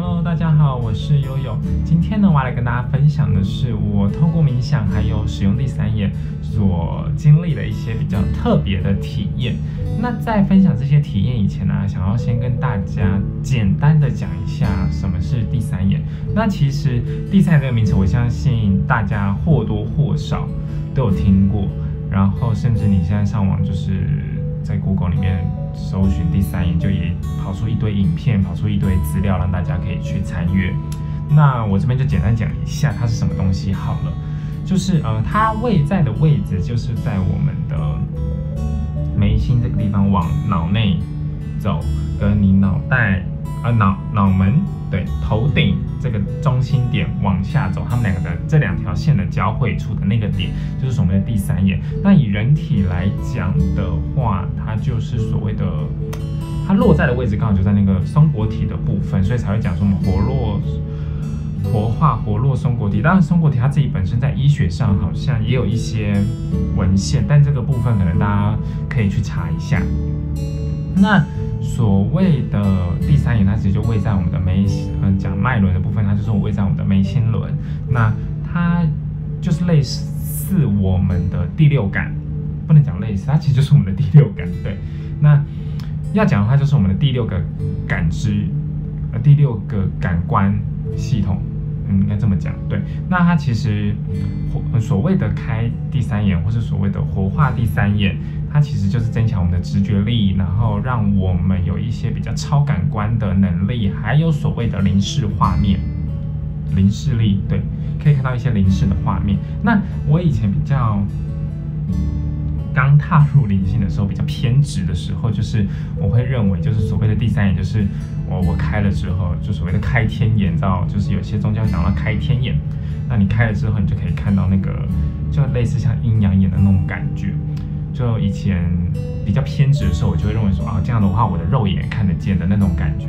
Hello，大家好，我是 YoYo。今天呢，我要來跟大家分享的是我透過冥想還有使用第三眼所經歷的一些比較特別的體驗。那在分享這些體驗以前呢、啊，想要先跟大家簡單的講一下什麼是第三眼。那其實第三眼這個名詞，我相信大家或多或少都有聽過，然後甚至你現在上網就是在 Google 裡面。搜尋第三眼就也跑出一堆影片，跑出一堆資料，讓大家可以去參閱。那我這邊就簡單講一下它是什麼東西好了，就是呃，它位在的位置就是在我們的眉心這個地方，往腦內走，跟你腦袋啊腦腦門。對，頭頂這個中心點往下走，他們兩個的這兩條線的交匯處的那個點，就是我們的第三眼。那以人體來講的話，它就是所謂的，它落在的位置剛好就在那個松果體的部分，所以才會講說我們活絡、活化、活絡松果體。當然，松果體它自己本身在醫學上好像也有一些文獻，但這個部分可能大家可以去查一下。那。所謂的第三眼，它其實就位在我們的眉，嗯，講脈輪的部分，它就是我位在我們的眉心輪。那它就是類似我們的第六感，不能講類似，它其實就是我們的第六感。對，那要講的話，就是我們的第六個感知，呃，第六個感官系統，嗯，應該這麼講。對，那它其實所謂的開第三眼，或是所謂的活化第三眼。它其實就是增強我們的直覺力，然後讓我們有一些比較超感官的能力，還有所謂的靈視畫面、靈視力，對，可以看到一些靈視的畫面。那我以前比較剛踏入靈性的時候，比較偏執的時候，就是我會認為，就是所謂的第三眼，就是我我開了之後，就所謂的開天眼，知道嗎？就是有些宗教講了開天眼，那你開了之後，你就可以看到那個，就類似像陰陽眼的那種感覺。就以前比較偏執的時候，我就會認為說，啊，這樣的話，我的肉眼看得見的那種感覺。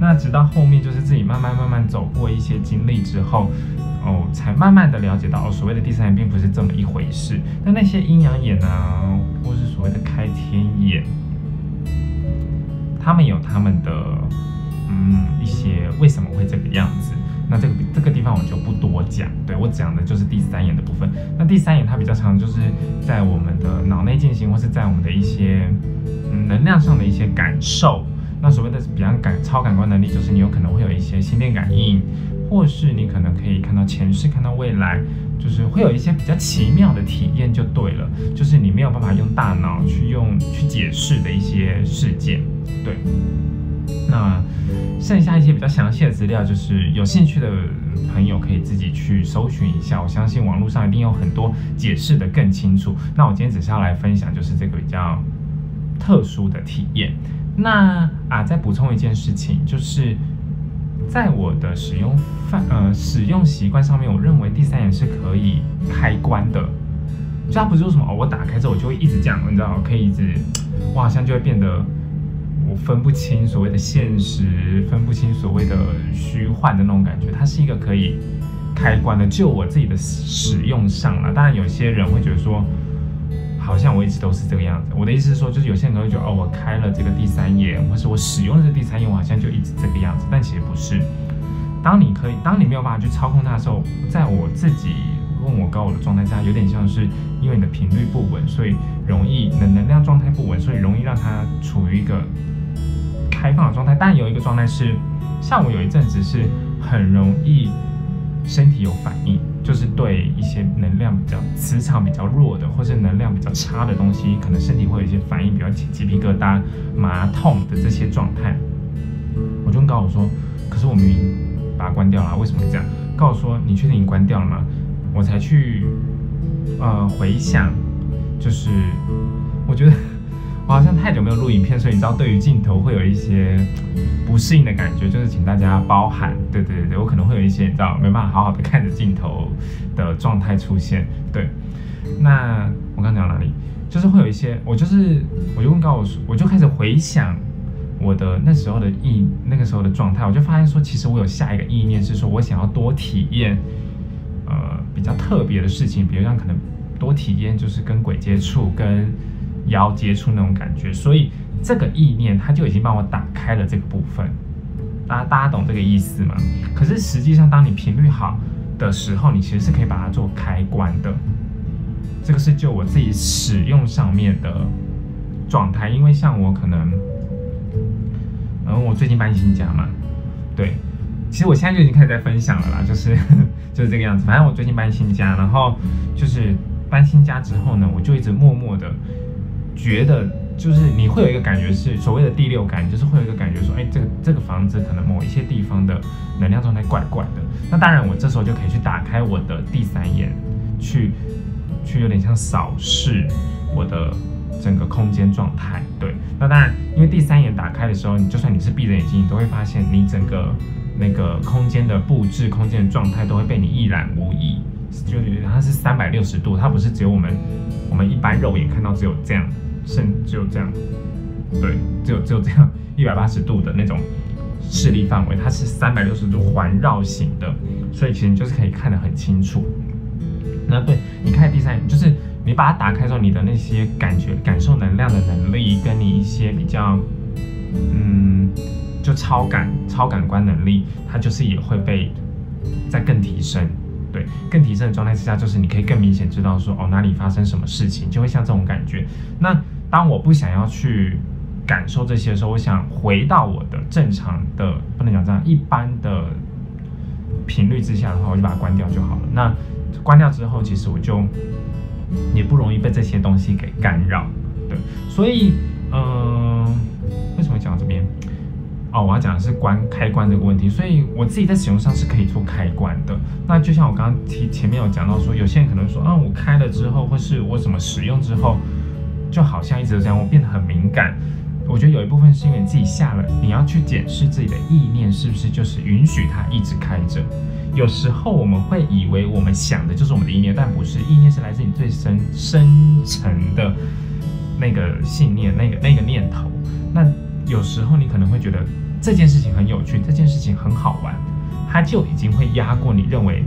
那直到後面就是自己慢慢慢慢走過一些經歷之後，哦，才慢慢的了解到，哦，所謂的第三眼並不是這麼一回事。那那些陰陽眼啊，或是所謂的開天眼，他們有他們的嗯一些為什麼會這個樣子？那這個這個地方我就不多講，對，我講的就是第三眼的部分。那第三眼它比較常就是在我們的腦內進行，或是在我們的一些能量上的一些感受。那所謂的比較感超感官能力，就是你有可能會有一些心電感應，或是你可能可以看到前世、看到未來，就是會有一些比較奇妙的體驗就對了，就是你沒有辦法用大腦去用去解釋的一些事件，對。那剩下一些比較詳細的資料，就是有興趣的朋友可以自己去搜尋一下。我相信網絡上一定有很多解釋得更清楚。那我今天只是要來分享，就是這個比較特殊的體驗。那啊，再補充一件事情，就是在我的使用範呃使用習慣上面，我認為第三眼是可以開關的，就它不是說什麼哦，我打開之後我就會一直這樣，你知道，我可以一直，我好像就會變得。我分不清所謂的現實，分不清所謂的虛幻的那種感覺，它是一個可以開關的。就我自己的使用上了，當然有些人會覺得說，好像我一直都是這個樣子。我的意思是說，就是有些人會覺得，哦，我開了這個第三眼，或是我使用了這第三眼，我好像就一直這個樣子。但其實不是。當你可以，當你沒有辦法去操控它的時候，在我自己問我高我的狀態下，有點像是因為你的頻率不穩，所以容易能能量狀態不穩，所以容易讓它處於一個。開放的狀態，但有一個狀態是，像我有一陣子是很容易身體有反應，就是對一些能量比較、磁場比較弱的，或是能量比較差的東西，可能身體會有一些反應，比較起雞皮疙瘩、麻痛的這些狀態。我就問高我說：“可是我明明把它關掉了，為什麼會這樣？”高我說：“你確定你關掉了嗎？”我才去呃回想，就是我覺得。我好像太久沒有錄影片，所以你知道，對於鏡頭會有一些不適應的感覺，就是請大家包涵。對對對對，我可能會有一些你知道沒辦法好好的看着鏡頭的狀態出現。對，那我剛講到哪裡？就是會有一些，我就是我就問到我說，我就開始回想我的那時候的意那個時候的狀態，我就發現說，其實我有下一個意念是說我想要多體驗呃比較特別的事情，比如像可能多體驗就是跟鬼接觸跟。要接觸那種感覺，所以這個意念它就已經幫我打開了這個部分。大家大家懂這個意思嗎？可是實際上，當你頻率好的時候，你其實是可以把它做開關的。這個是就我自己使用上面的狀態，因為像我可能，嗯，我最近搬新家嘛，對，其實我現在就已經開始在分享了啦，就是就是這個樣子。反正我最近搬新家，然後就是搬新家之後呢，我就一直默默的。覺得就是你會有一個感覺是所謂的第六感，就是會有一個感覺說，哎、欸，這個這個房子可能某一些地方的能量狀態怪怪的。那當然，我這時候就可以去打開我的第三眼，去去有點像掃視我的整個空間狀態。對，那當然，因為第三眼打開的時候，你就算你是閉着眼睛，你都會發現你整個那個空間的布置、空間的狀態都會被你一覽無遺。就它是三百六十度，它不是只有我們我們一般肉眼看到只有這樣。甚至就這樣，對，只有只有這樣一百八十度的那種視力範圍，它是三百六十度環繞型的，所以其實就是可以看得很清楚。那對，你看第三，就是你把它打開之後，你的那些感覺、感受、能量的能力，跟你一些比較，嗯，就超感、超感官能力，它就是也會被再更提升。對，更提升的狀態之下，就是你可以更明顯知道說，哦，哪裡發生什麼事情，就會像這種感覺。那當我不想要去感受這些的時候，我想回到我的正常的，不能講這樣一般的頻率之下的話，我就把它關掉就好了。那關掉之後，其實我就也不容易被這些東西給干擾，對。所以，嗯、呃，為什麼講到這邊？哦，我要講的是關開關這個問題。所以我自己在使用上是可以做開關的。那就像我剛剛提前面有講到說，有些人可能說啊，我開了之後，或是我怎麼使用之後。就好像一直這樣，我變得很敏感。我覺得有一部分是因為你自己下了，你要去檢視自己的意念是不是就是允許它一直開着。有時候我們會以為我們想的就是我們的意念，但不是，意念是來自你最深深沉的那個信念，那個那個念頭。那有時候你可能會覺得這件事情很有趣，這件事情很好玩，它就已經會壓過你認為。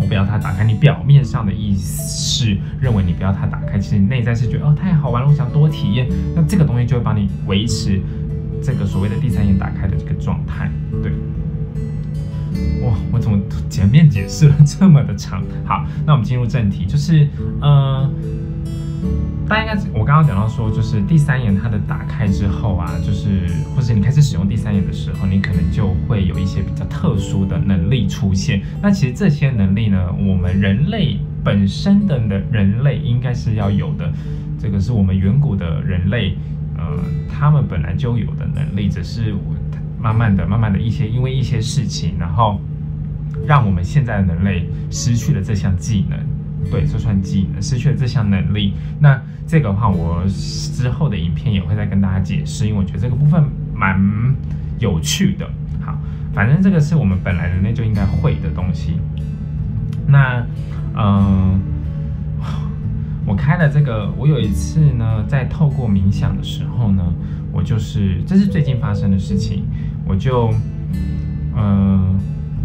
我不要它打開，你表面上的意思是認為你不要它打開，其實你內在是覺得哦，太好玩了，我想多體驗。那這個東西就會幫你維持這個所謂的第三眼打開的這個狀態。對，哇，我怎麼前面解釋了這麼的長？好，那我們進入正題，就是嗯。呃大家應該，我剛剛講到說，就是第三眼它的打開之後啊，就是，或者你開始使用第三眼的時候，你可能就會有一些比較特殊的能力出現。那其實這些能力呢，我們人類本身的能人類應該是要有的，這個是我們遠古的人類，呃，他們本來就有的能力，只是慢慢的、慢慢的一些，因為一些事情，然後讓我們現在的人類失去了這項技能。對，就算技能失去了這項能力。那這個的話，我之後的影片也會再跟大家解釋，因為我覺得這個部分蠻有趣的。好，反正這個是我們本來人類就應該會的東西。那，嗯、呃，我開了這個，我有一次呢，在透過冥想的時候呢，我就是，這是最近發生的事情，我就，嗯、呃。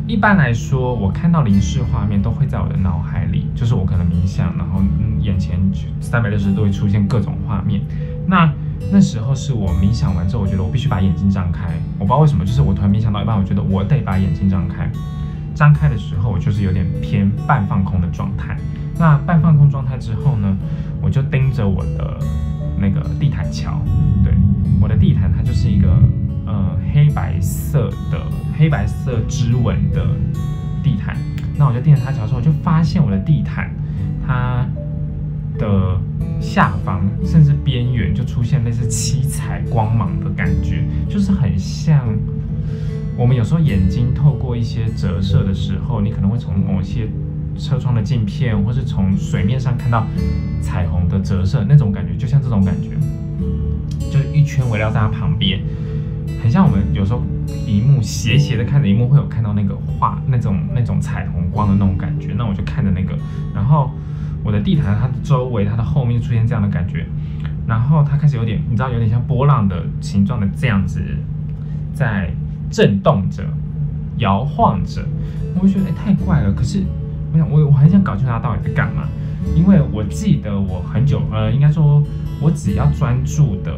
一般來說，我看到靈視畫面都會在我的腦海裡，就是我可能冥想，然後眼前三百六十度會出現各種畫面。那那時候是我冥想完之後，我覺得我必須把眼睛張開，我不知道為什麼，就是我突然冥想到一半，我覺得我得把眼睛張開。張開的時候，我就是有點偏半放空的狀態。那半放空狀態之後呢，我就。黑白色織紋的地毯，那我就盯着它瞧的時候，之後，就發現我的地毯它的下方甚至邊緣就出現類似七彩光芒的感覺，就是很像我們有時候眼睛透過一些折射的時候，你可能會從某些車窗的鏡片，或是從水面上看到彩虹的折射那種感覺，就像這種感覺，就是一圈圍繞在它旁邊。很像我們有時候，螢幕斜斜的看着螢幕，會有看到那個畫那種那種彩虹光的那種感覺。那我就看着那個，然後我的地毯它的周圍它的後面出現這樣的感覺，然後它開始有點你知道有點像波浪的形狀的這樣子在震動着、搖晃着，我就覺得誒、欸，太怪了。可是我想我我很想搞清楚它到底在幹嘛，因為我記得我很久呃應該說我只要專注的。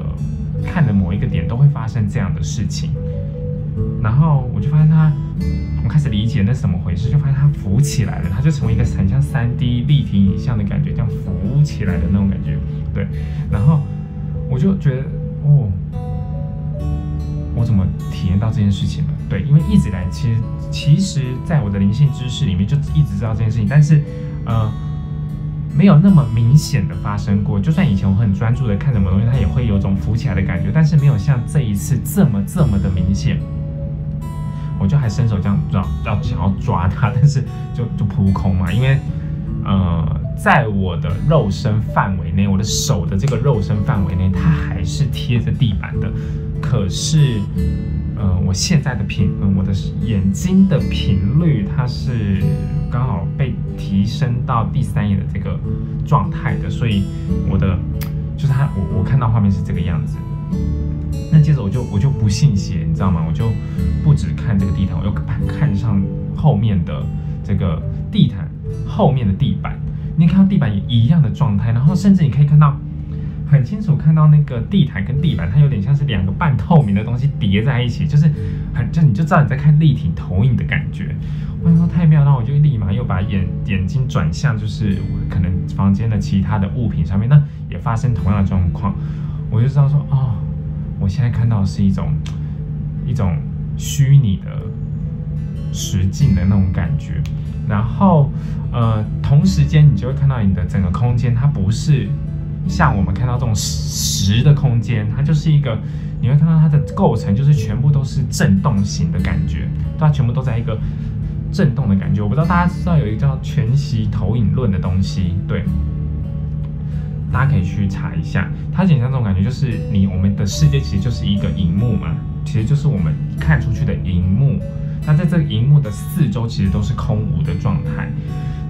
看的某一個點都會發生這樣的事情，然後我就發現它，我開始理解那是怎麼回事，就發現它浮起來了，它就成為一個很像三 D 立體影像的感覺，這樣浮起來的那種感覺，對，然後我就覺得哦，我怎麼體驗到這件事情了？對，因為一直以來，其實其實在我的靈性知識裡面就一直知道這件事情，但是，呃。沒有那麼明顯的發生過，就算以前我很專注的看什麼東西，它也會有種浮起來的感覺，但是沒有像這一次這麼這麼的明顯。我就還伸手這樣抓，要想要抓它，但是就就撲空嘛，因為呃，在我的肉身範圍內，我的手的這個肉身範圍內，它還是貼着地板的，可是呃，我現在的頻，我的眼睛的頻率，它是剛好被。提升到第三眼的這個狀態的，所以我的就是它，我我看到畫面是這個樣子。那接着我就我就不信邪，你知道嗎？我就不止看這個地毯，我又看上後面的這個地毯後面的地板，你看到地板也一樣的狀態，然後甚至你可以看到。很清楚看到那個地毯跟地板，它有點像是兩個半透明的東西疊在一起，就是很就你就知道你在看立體投影的感覺。我想說太妙了，那我就立馬又把眼眼睛轉向，就是可能房間的其他的物品上面，那也發生同樣的狀況，我就知道說哦，我現在看到是一種一種虛擬的實境的那種感覺。然後呃，同時間你就會看到你的整個空間，它不是。像我們看到這種實的空間，它就是一個，你會看到它的構成就是全部都是震動型的感覺，它全部都在一個震動的感覺。我不知道大家知道有一個叫全息投影論的東西，對，大家可以去查一下。它很像這種感覺，就是你我們的世界其實就是一個熒幕嘛，其實就是我們看出去的熒幕。他在這個熒幕的四周，其實都是空無的狀態。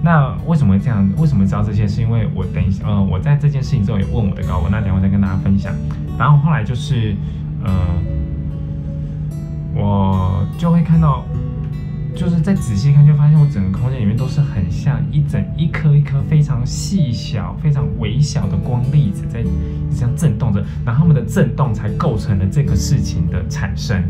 那為什麼這樣？為什麼知道這些？是因為我等一下，呃，我在這件事情之後也問我的高我，那等會再跟大家分享。然後後來就是，呃，我就會看到。就是再仔細看，就發現我整個空間裡面都是很像一整一顆一顆非常細小、非常微小的光粒子在這樣震動着，然後它們的震動才構成了這個事情的產生。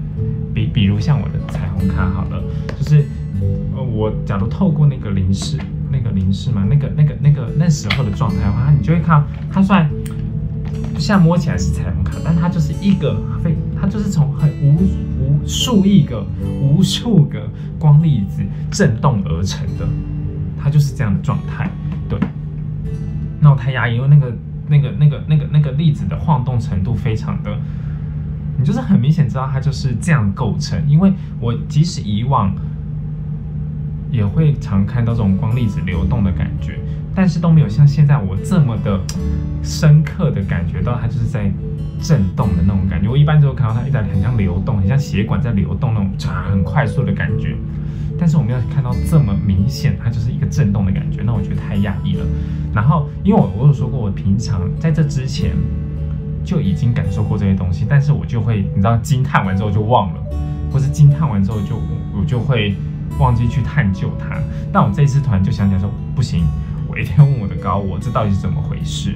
比比如像我的彩虹卡好了，就是呃，我假如透過那個靈視那個靈視嘛，那個那個那個那時候的狀態的話，你就會看它雖然，像摸起來是彩虹卡，但它就是一個非它就是從很無。無數億個、無數個光粒子震動而成的，它就是這樣的狀態。對，那我太壓抑，因為那個、那個、那個、那個、那個粒子的晃動程度非常的，你就是很明顯知道它就是這樣構成。因為我即使以往也會常看到這種光粒子流動的感覺，但是都沒有像現在我這麼的深刻的感覺到它就是在。震動的那種感覺，我一般就會看到它，一直在很像流動，很像血管在流動那種，很快速的感覺。但是我沒有看到這麼明顯，它就是一個震動的感覺，那我覺得太壓抑了。然後，因為我我有說過，我平常在這之前就已經感受過這些東西，但是我就會你知道，驚嘆完之後就忘了，或是驚嘆完之後就我，我就會忘記去探究它。但我這次突然就想起來說，不行，我一定要問我的高我，這到底是怎麼回事？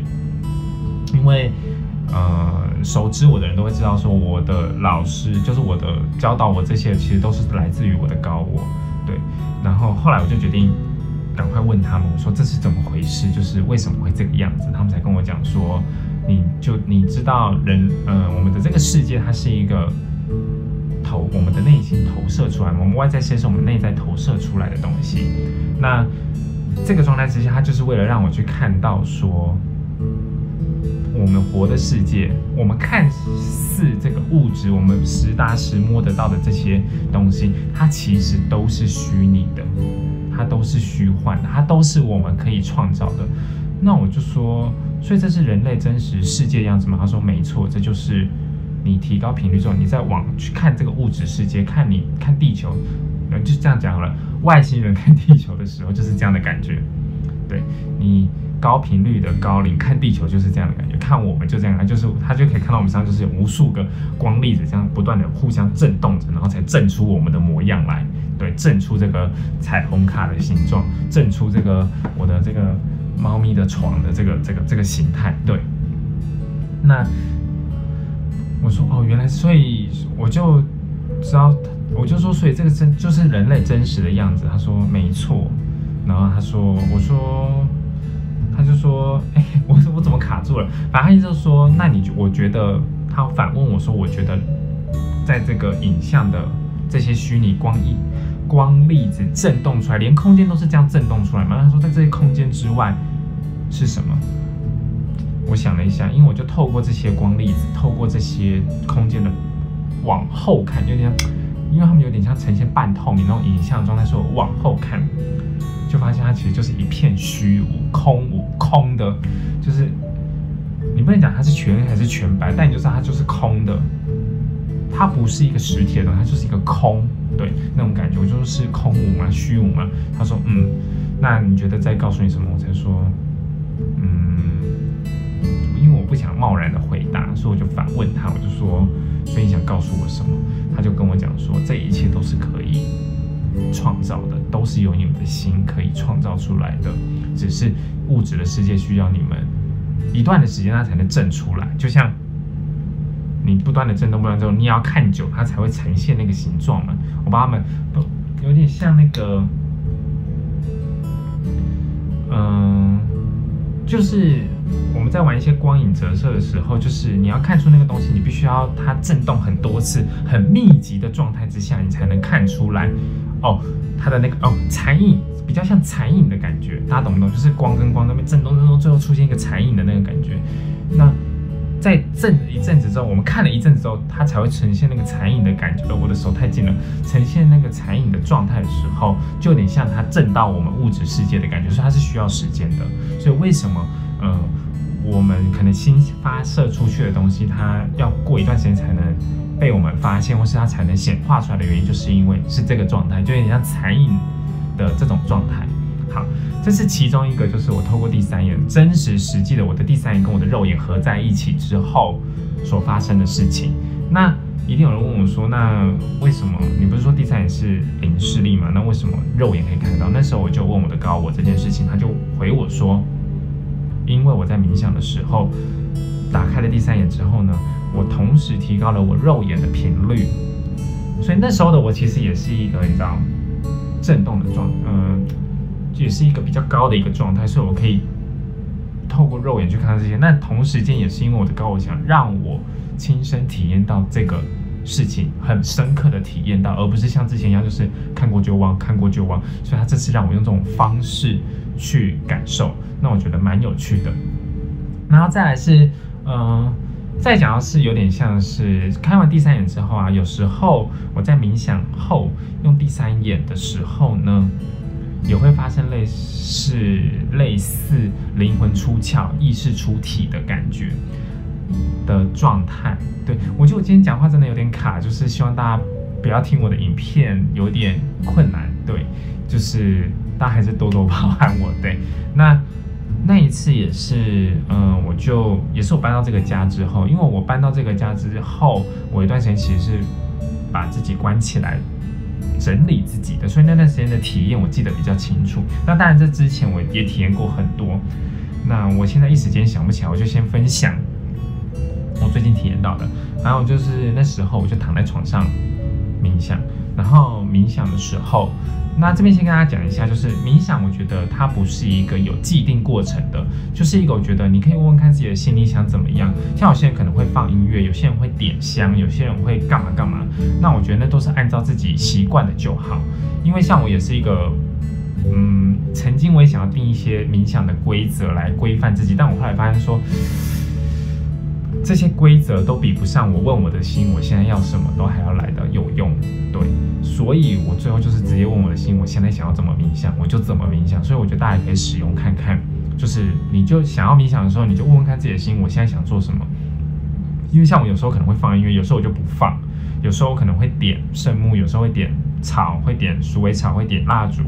因為，呃。熟知我的人都會知道，說我的老師就是我的教導我這些，其實都是來自於我的高我，對。然後後來我就決定趕快問他們，我說這是怎麼回事？就是為什麼會這個樣子？他們才跟我講說，你就你知道人嗯、呃，我們的這個世界它是一個投我們的內心投射出來，我們外在世界是我們內在投射出來的東西。那這個狀態之下，它就是為了讓我去看到說。我們活的世界，我們看似這個物質，我們實打實摸得到的這些東西，它其實都是虛擬的，它都是虛幻的，它都是我們可以創造的。那我就說，所以這是人類真實世界樣子嗎？他說沒錯，這就是你提高頻率之後，你再往去看這個物質世界，看你看地球，呃，就這樣講好了。外星人看地球的時候，就是這樣的感覺，對你。高頻率的高靈，看地球就是這樣的感覺，看我們就這樣，它就是他就可以看到我們身上，就是有無數個光粒子這樣不斷的互相震動着，然後才震出我們的模樣來，對，震出這個彩虹卡的形狀，震出這個我的這個貓咪的床的這個這個這個形態。對，那我說哦，原來所以我就知道，我就說所以這個真就是人類真實的樣子。他說沒錯，然後他說我說。說，哎，欸，我我怎麼卡住了？反正他意思就是說，那你我覺得他反問我說，我覺得，在這個影像的這些虛擬光影、光粒子震動出來，連空間都是這樣震動出來嘛？他說，在這些空間之外是什麼？我想了一下，因為我就透過這些光粒子，透過這些空間的往後看，有點，因為他們有點像呈現半透明那種影像狀態，所以我往後看。就發現它其實就是一片虛無、空無、空的，就是你不能講它是全黑還是全白，但你就知道它就是空的，它不是一個實體的東西，它就是一個空，對那種感覺，就是空無嘛、虛無嘛。他說：“嗯，那你覺得在告訴你什麼？”我才說：“嗯，因為我不想貿然的回答，所以我就反問他，我就說：所以你想告訴我什麼？”他就跟我講說：“這一切都是可以。”創造的都是由你們的心可以創造出來的，只是物質的世界需要你們一段的時間，它才能震出來。就像你不斷的震動，不斷之後，你要看久，它才會呈現那個形狀嘛。我把他們都有點像那個，嗯、呃，就是我們在玩一些光影折射的時候，就是你要看出那個東西，你必須要它震動很多次，很密集的狀態之下，你才能看出來。哦，它的那個哦，殘影比較像殘影的感覺，大家懂不懂？就是光跟光那邊震動震動，最後出現一個殘影的那個感覺。那在震一陣子之後，我們看了一陣子之後，它才會呈現那個殘影的感覺。我的手太近了，呈現那個殘影的狀態的時候，就有點像它震到我們物質世界的感覺，所以它是需要時間的。所以為什麼，呃，我們可能新發射出去的東西，它要過一段時間才能。被我們發現，或是它才能顯化出來的原因，就是因為是這個狀態，就有點像殘影的這種狀態。好，這是其中一個，就是我透過第三眼真實實際的我的第三眼跟我的肉眼合在一起之後所發生的事情。那一定有人問我說，那為什麼你不是說第三眼是靈、欸、視力嗎？那為什麼肉眼可以看到？那時候我就問我的高我這件事情，他就回我說，因為我在冥想的時候打開了第三眼之後呢。我同時提高了我肉眼的頻率，所以那時候的我其實也是一個比較震動的狀，嗯，也是一個比較高的一個狀態，所以我可以透過肉眼去看到這些。但同時間也是因為我的高我想讓我親身體驗到這個事情，很深刻的體驗到，而不是像之前一樣，就是看過就忘，看過就忘。所以他這次讓我用這種方式去感受，那我覺得蠻有趣的。然後再來是，嗯。再講到是有點像是開完第三眼之後啊，有時候我在冥想後用第三眼的時候呢，也會發生類似類似靈魂出竅、意識出體的感覺的狀態。對，我覺得我今天講話真的有點卡，就是希望大家不要聽我的影片有點困難。對，就是大家還是多多包涵我。對，那。那一次也是，嗯，我就也是我搬到這個家之後，因為我搬到這個家之後，我一段時間其實是把自己關起來整理自己的，所以那段時間的體驗我記得比較清楚。那當然這之前我也體驗過很多，那我現在一時間想不起來，我就先分享我最近體驗到的。然後就是那時候我就躺在床上冥想。然後冥想的時候，那這邊先跟大家講一下，就是冥想，我覺得它不是一個有既定過程的，就是一個我覺得你可以問問看自己的心裡想怎麼樣。像有些人可能會放音樂，有些人會點香，有些人會幹嘛幹嘛。那我覺得那都是按照自己習慣的就好，因為像我也是一個，嗯，曾經我也想要定一些冥想的規則來規範自己，但我後來發現說。這些規則都比不上我問我的心，我現在要什麼都還要來得有用，對，所以我最後就是直接問我的心，我現在想要怎麼冥想，我就怎麼冥想。所以我覺得大家可以使用看看，就是你就想要冥想的時候，你就問問看自己的心，我現在想做什麼。因為像我有時候可能會放音樂，有時候我就不放，有時候我可能會點聖木，有時候會點草，會點鼠尾草，會點蠟燭，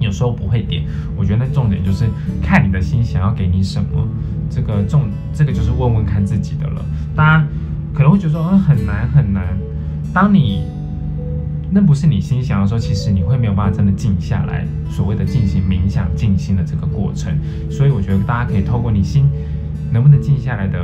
有時候不會點。我覺得那重點就是看你的心想要給你什麼。這個重，這個就是問問看自己的了。大家可能會覺得說，啊、很難很難。當你那不是你心想要說，其實你會沒有辦法真的靜下來，所謂的進行冥想靜心的這個過程。所以我覺得大家可以透過你心能不能靜下來的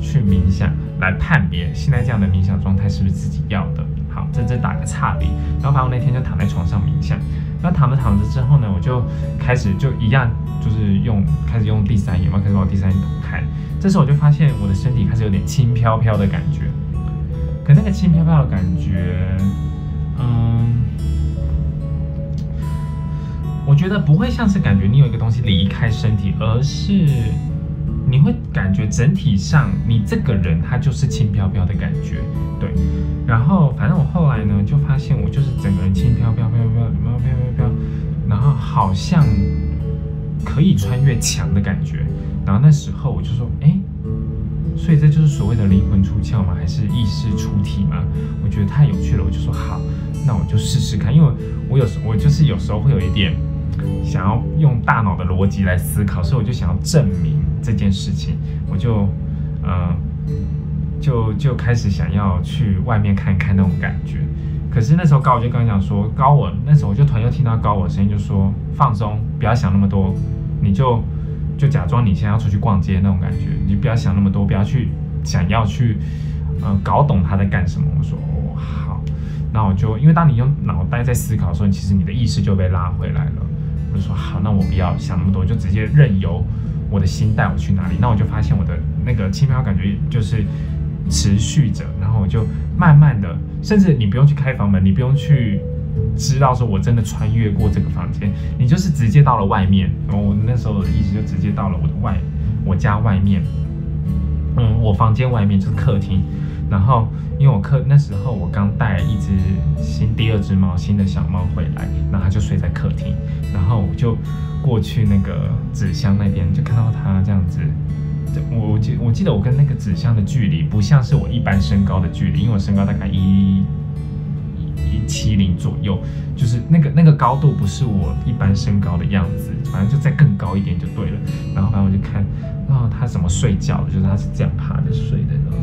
去冥想，來判別現在這樣的冥想狀態是不是自己要的。好，真正打個差別，然後把我那天就躺在床上冥想。那躺着躺着之後呢，我就開始就一樣，就是用開始用第三眼嘛，開始往第三眼看。這時候我就發現我的身體開始有點輕飄飄的感覺。可那個輕飄飄的感覺，嗯，我覺得不會像是感覺你有一個東西離開身體，而是你會感覺整體上你這個人他就是輕飄飄的感覺，對。然後，反正我後來呢，就發現我就是整個人輕飄飄飄飄飄飄飄飄，然後好像可以穿越牆的感覺。然後那時候我就說，誒，所以這就是所謂的靈魂出竅嗎？還是意識出體嗎？我覺得太有趣了，我就說好，那我就試試看。因為我有時我就是有時候會有一點想要用大腦的邏輯來思考，所以我就想要證明這件事情，我就呃。就就開始想要去外面看一看那種感覺，可是那時候高我就剛想說，高我那時候我就突然又聽到高我聲音，就說，放鬆，不要想那麼多，你就就假裝你現在要出去逛街那種感覺，你就不要想那麼多，不要去想要去，呃搞懂他在幹什麼。我說哦好，那我就因為當你用腦袋在思考的時候，其實你的意識就被拉回來了。我就說好，那我不要想那麼多，就直接任由我的心帶我去哪裡。那我就發現我的那個輕飄感覺就是。持續着，然後我就慢慢的，甚至你不用去開房門，你不用去知道說我真的穿越過這個房間，你就是直接到了外面。然後我那時候一直就直接到了我的外，我家外面，嗯，我房間外面就是客廳。然後因為我客那時候我剛帶了一只新第二只貓新的小貓回來，然後它就睡在客廳，然後我就過去那個紙箱那邊就看到它這樣子。我記，我記得我跟那個紙箱的距離不像是我一般身高的距離，因為我身高大概一一七零左右，就是那個那個高度不是我一般身高的樣子，反正就再更高一點就對了。然後，反正我就看，然後它怎麼睡覺，就是它是這樣趴着睡的，然後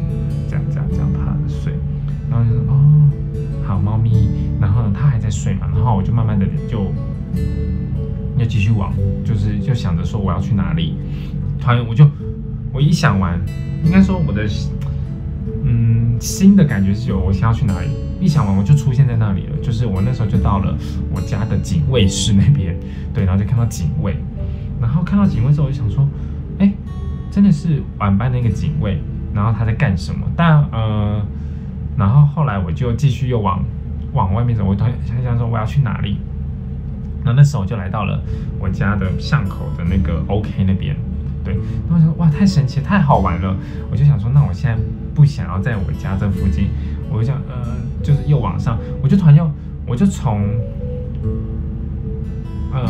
這樣這樣這樣趴着睡。然後就說哦，好，貓咪。然後呢，它還在睡嘛，然後我就慢慢的就又繼續往，就是就想着說我要去哪裡，突然我就。我一想完，應該說我的，嗯，心的感覺是有，我想要去哪裡？一想完我就出現在那裡了，就是我那時候就到了我家的警衛室那邊，對，然後就看到警衛，然後看到警衛之後，我就想說，哎、欸，真的是晚班那個警衛，然後他在幹什麼？但呃，然後後來我就繼續又往往外面走，我突然想想說我要去哪裡？那那時候我就來到了我家的巷口的那個 OK 那邊。對，他們說哇，太神奇，太好玩了。我就想說，那我現在不想要在我家這附近，我就想呃，就是又往上，我就突然又，我就從，呃，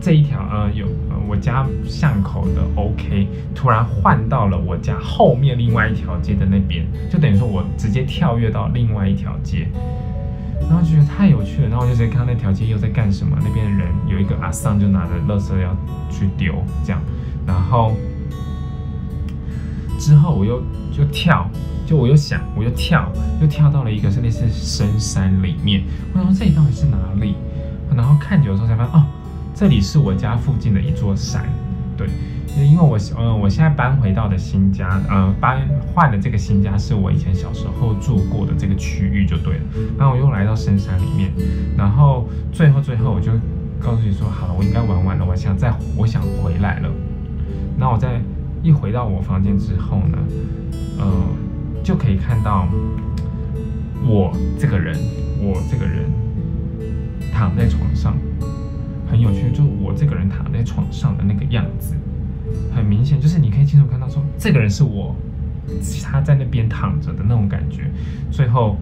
這一條呃有呃我家巷口的 OK，突然換到了我家後面另外一條街的那邊，就等於說我直接跳躍到另外一條街。然後就覺得太有趣了，然後我就直接看那條街又在幹什麼，那邊的人有一個阿桑就拿着垃圾要去丟，這樣，然後之後我又就跳，就我又想，我又跳，又跳到了一個是類似深山裡面，我想說這裡到底是哪裡？然後看久的時候才發現，哦，這裡是我家附近的一座山，對。因為，我，呃，我現在搬回到的新家，呃，搬換的這個新家，是我以前小時候住過的這個區域就對了。然後我又來到深山裡面，然後最後最後，我就告訴你說，好了，我應該玩完了，我想再，我想回來了。那我在一回到我房間之後呢，呃，就可以看到我這個人，我這個人躺在床上，很有趣，就是我這個人躺在床上的那個樣子。很明顯，就是你可以清楚看到說，說這個人是我，他在那邊躺着的那種感覺。最後，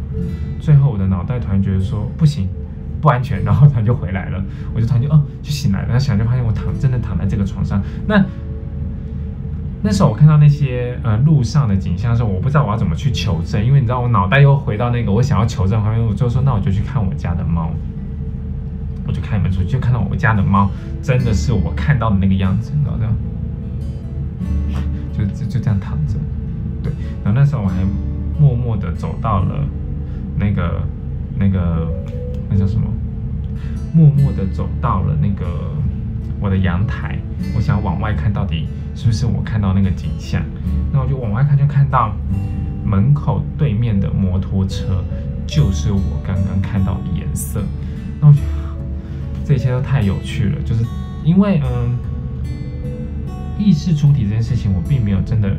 最後我的腦袋突然覺得說不行，不安全，然後他就回來了。我就突然就哦、嗯，就醒來了，然後想就發現我躺真的躺在這個床上。那那時候我看到那些呃路上的景象的時候，我不知道我要怎麼去求證，因為你知道我腦袋又回到那個我想要求證方面，我就說那我就去看我家的貓，我就開門出去，就看到我家的貓真的是我看到的那個樣子，你知道這樣。就就就這樣躺着，對。然後那時候我還默默的走到了那個那個那叫什麼？默默的走到了那個我的陽台，我想往外看到底是不是我看到那個景象。那我就往外看，就看到門口對面的摩托車，就是我剛剛看到的顏色。那我覺得這些都太有趣了，就是因為嗯。意識出體這件事情，我並沒有真的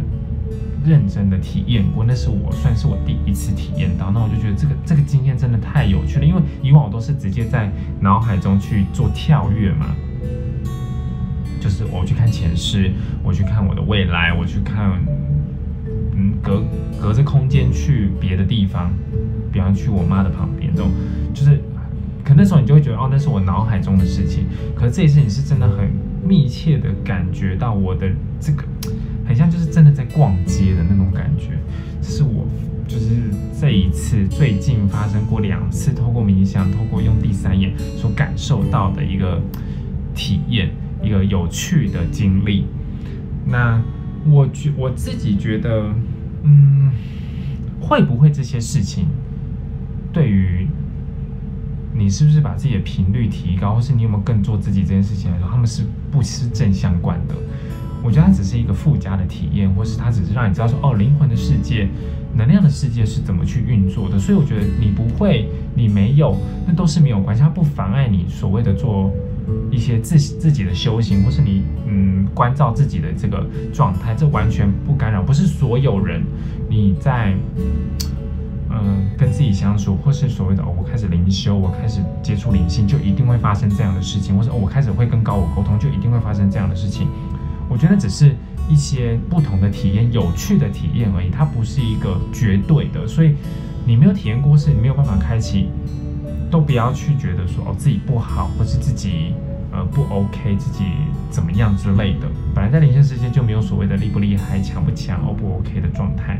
認真的體驗過，那是我算是我第一次體驗到。那我就覺得這個這個經驗真的太有趣了，因為以往我都是直接在腦海中去做跳躍嘛，就是我去看前世，我去看我的未來，我去看，嗯，隔隔着空間去別的地方，比方去我媽的旁邊，這種就是，可能那時候你就會覺得哦，那是我腦海中的事情，可是這一次你是真的很。密切的感覺到我的這個，很像就是真的在逛街的那種感覺，是我就是這一次最近發生過兩次，透過冥想，透過用第三眼所感受到的一個體驗，一個有趣的經歷。那我覺我自己覺得，嗯，會不會這些事情對於？你是不是把自己的頻率提高，或是你有沒有更做自己這件事情來說，他們是不是正相關的？我覺得它只是一個附加的體驗，或是它只是讓你知道說，哦，靈魂的世界、能量的世界是怎麼去運作的。所以我覺得你不會，你沒有，那都是沒有關係，它不妨礙你所謂的做一些自自己的修行，或是你嗯，關照自己的這個狀態，這完全不干擾。不是所有人你在。嗯，跟自己相處，或是所謂的、哦、我開始靈修，我開始接觸靈性，就一定會發生這樣的事情，或是、哦、我開始會跟高我溝通，就一定會發生這樣的事情。我覺得只是一些不同的體驗，有趣的體驗而已，它不是一個絕對的。所以你沒有體驗過，是你沒有辦法開啟，都不要去覺得說哦，自己不好，或是自己呃不 OK，自己怎麼樣之類的。本來在靈性世界就沒有所謂的厲不厲害、強不強、O、哦、不 OK 的狀態。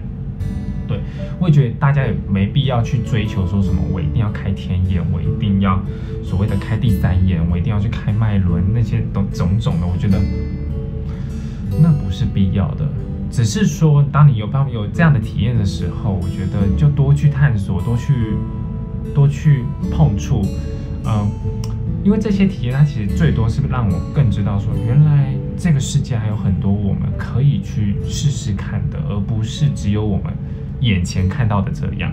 對，我也覺得大家也沒必要去追求說什麼，我一定要開天眼，我一定要所謂的開第三眼，我一定要去開脈輪，那些都種種的，我覺得那不是必要的。只是說，當你有辦法有這樣的體驗的時候，我覺得就多去探索，多去多去碰觸，嗯、呃，因為這些體驗，它其實最多是讓我更知道說，原來這個世界還有很多我們可以去試試看的，而不是只有我們。眼前看到的這樣，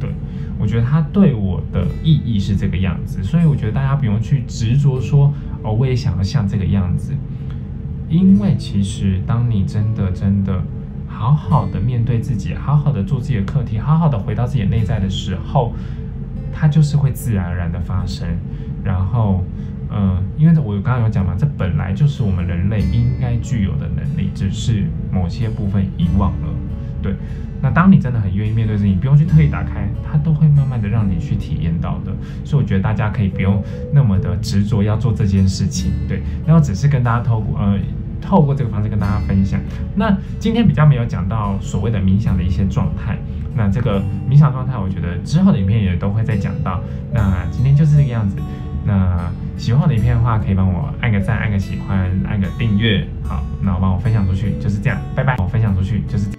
對，我覺得他對我的意義是這個樣子，所以我覺得大家不用去執着說哦，我也想要像這個樣子，因為其實當你真的真的好好的面對自己，好好的做自己的課題，好好的回到自己內在的時候，它就是會自然而然的發生。然後，嗯、呃，因為我剛剛有講嘛，這本來就是我們人類應該具有的能力，只是某些部分遺忘了。對，那當你真的很願意面對自己，不用去特意打開，它都會慢慢的讓你去體驗到的。所以我覺得大家可以不用那麼的執着要做這件事情。對，然後只是跟大家透過呃，透過這個方式跟大家分享。那今天比較沒有講到所謂的冥想的一些狀態。那這個冥想狀態，我覺得之後的影片也都會再講到。那今天就是這個樣子。那喜歡我的影片的話，可以幫我按個讚、按個喜歡、按個訂閱。好，那我幫我分享出去，就是這樣，拜拜。我分享出去就是這樣。